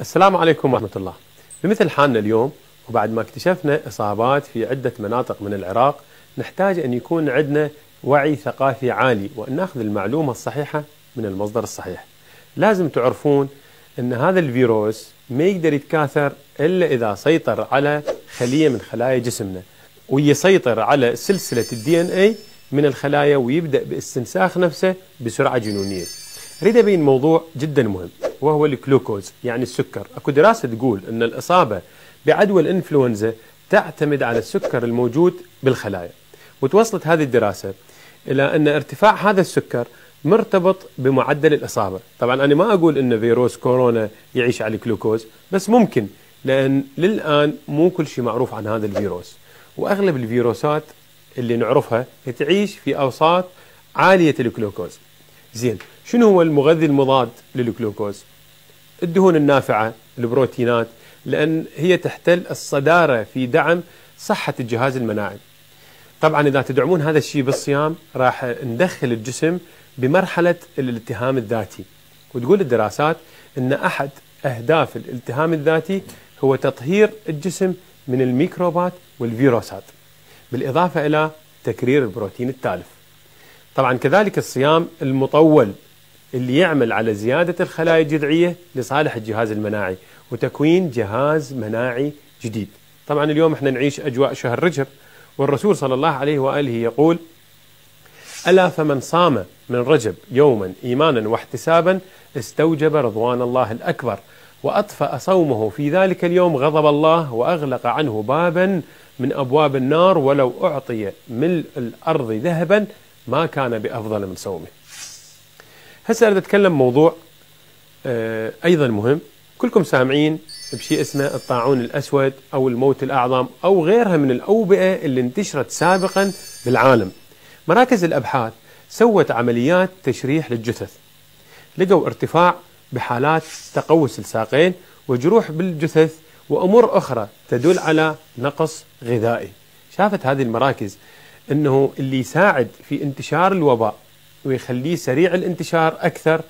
السلام عليكم ورحمة الله بمثل حالنا اليوم وبعد ما اكتشفنا إصابات في عدة مناطق من العراق نحتاج أن يكون عندنا وعي ثقافي عالي وأن ناخذ المعلومة الصحيحة من المصدر الصحيح لازم تعرفون أن هذا الفيروس ما يقدر يتكاثر إلا إذا سيطر على خلية من خلايا جسمنا ويسيطر على سلسلة الدي ان اي من الخلايا ويبدأ باستنساخ نفسه بسرعة جنونية ريد ابين موضوع جدا مهم وهو الجلوكوز يعني السكر اكو دراسه تقول ان الاصابه بعدوى الانفلونزا تعتمد على السكر الموجود بالخلايا وتوصلت هذه الدراسه الى ان ارتفاع هذا السكر مرتبط بمعدل الاصابه طبعا انا ما اقول ان فيروس كورونا يعيش على الجلوكوز بس ممكن لان للان مو كل شيء معروف عن هذا الفيروس واغلب الفيروسات اللي نعرفها تعيش في اوساط عاليه الجلوكوز زين شنو هو المغذي المضاد للجلوكوز الدهون النافعة البروتينات لأن هي تحتل الصدارة في دعم صحة الجهاز المناعي طبعا إذا تدعمون هذا الشيء بالصيام راح ندخل الجسم بمرحلة الالتهام الذاتي وتقول الدراسات أن أحد أهداف الالتهام الذاتي هو تطهير الجسم من الميكروبات والفيروسات بالإضافة إلى تكرير البروتين التالف طبعا كذلك الصيام المطول اللي يعمل على زيادة الخلايا الجذعية لصالح الجهاز المناعي وتكوين جهاز مناعي جديد طبعا اليوم احنا نعيش أجواء شهر رجب والرسول صلى الله عليه وآله يقول ألا فمن صام من رجب يوما إيمانا واحتسابا استوجب رضوان الله الأكبر وأطفأ صومه في ذلك اليوم غضب الله وأغلق عنه بابا من أبواب النار ولو أعطي ملء الأرض ذهبا ما كان بأفضل من صومه هسه اريد اتكلم موضوع آه، ايضا مهم كلكم سامعين بشيء اسمه الطاعون الاسود او الموت الاعظم او غيرها من الاوبئه اللي انتشرت سابقا بالعالم مراكز الابحاث سوت عمليات تشريح للجثث لقوا ارتفاع بحالات تقوس الساقين وجروح بالجثث وامور اخرى تدل على نقص غذائي شافت هذه المراكز انه اللي يساعد في انتشار الوباء ويخليه سريع الانتشار أكثر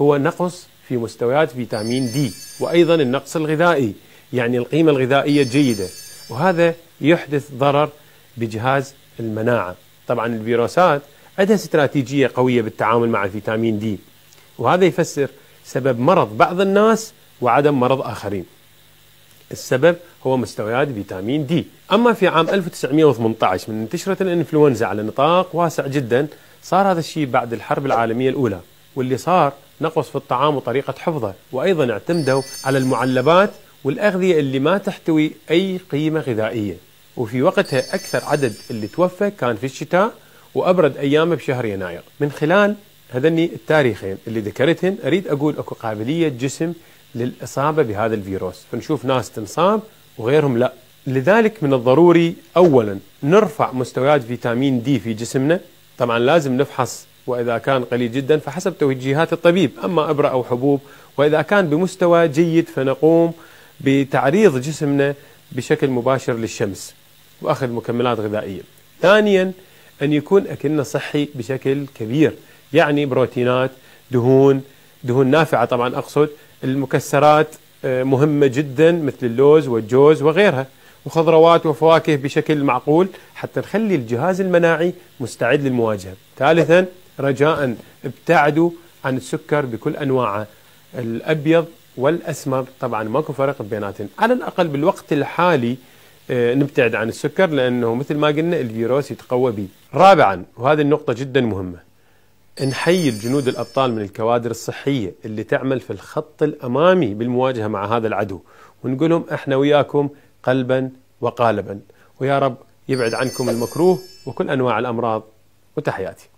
هو نقص في مستويات فيتامين دي وأيضا النقص الغذائي يعني القيمة الغذائية جيدة وهذا يحدث ضرر بجهاز المناعة طبعا الفيروسات عندها استراتيجية قوية بالتعامل مع الفيتامين دي وهذا يفسر سبب مرض بعض الناس وعدم مرض آخرين السبب هو مستويات فيتامين دي أما في عام 1918 من انتشرت الإنفلونزا على نطاق واسع جدا صار هذا الشيء بعد الحرب العالمية الأولى واللي صار نقص في الطعام وطريقة حفظه وأيضا اعتمدوا على المعلبات والأغذية اللي ما تحتوي أي قيمة غذائية وفي وقتها أكثر عدد اللي توفى كان في الشتاء وأبرد أيامه بشهر يناير من خلال هذني التاريخين اللي ذكرتهن أريد أقول أكو قابلية جسم للإصابة بهذا الفيروس فنشوف ناس تنصاب وغيرهم لا لذلك من الضروري أولا نرفع مستويات فيتامين دي في جسمنا طبعا لازم نفحص وإذا كان قليل جدا فحسب توجيهات الطبيب أما إبرة أو حبوب وإذا كان بمستوى جيد فنقوم بتعريض جسمنا بشكل مباشر للشمس وأخذ مكملات غذائية ثانيا أن يكون أكلنا صحي بشكل كبير يعني بروتينات دهون دهون نافعة طبعا أقصد المكسرات آه، مهمة جدا مثل اللوز والجوز وغيرها وخضروات وفواكه بشكل معقول حتى نخلي الجهاز المناعي مستعد للمواجهة ثالثا رجاء ابتعدوا عن السكر بكل أنواعه الأبيض والأسمر طبعا ماكو فرق بيناتهم على الأقل بالوقت الحالي آه، نبتعد عن السكر لأنه مثل ما قلنا الفيروس يتقوى به رابعا وهذه النقطة جدا مهمة نحيي الجنود الابطال من الكوادر الصحيه اللي تعمل في الخط الامامي بالمواجهه مع هذا العدو ونقول لهم احنا وياكم قلبا وقالبا ويا رب يبعد عنكم المكروه وكل انواع الامراض وتحياتي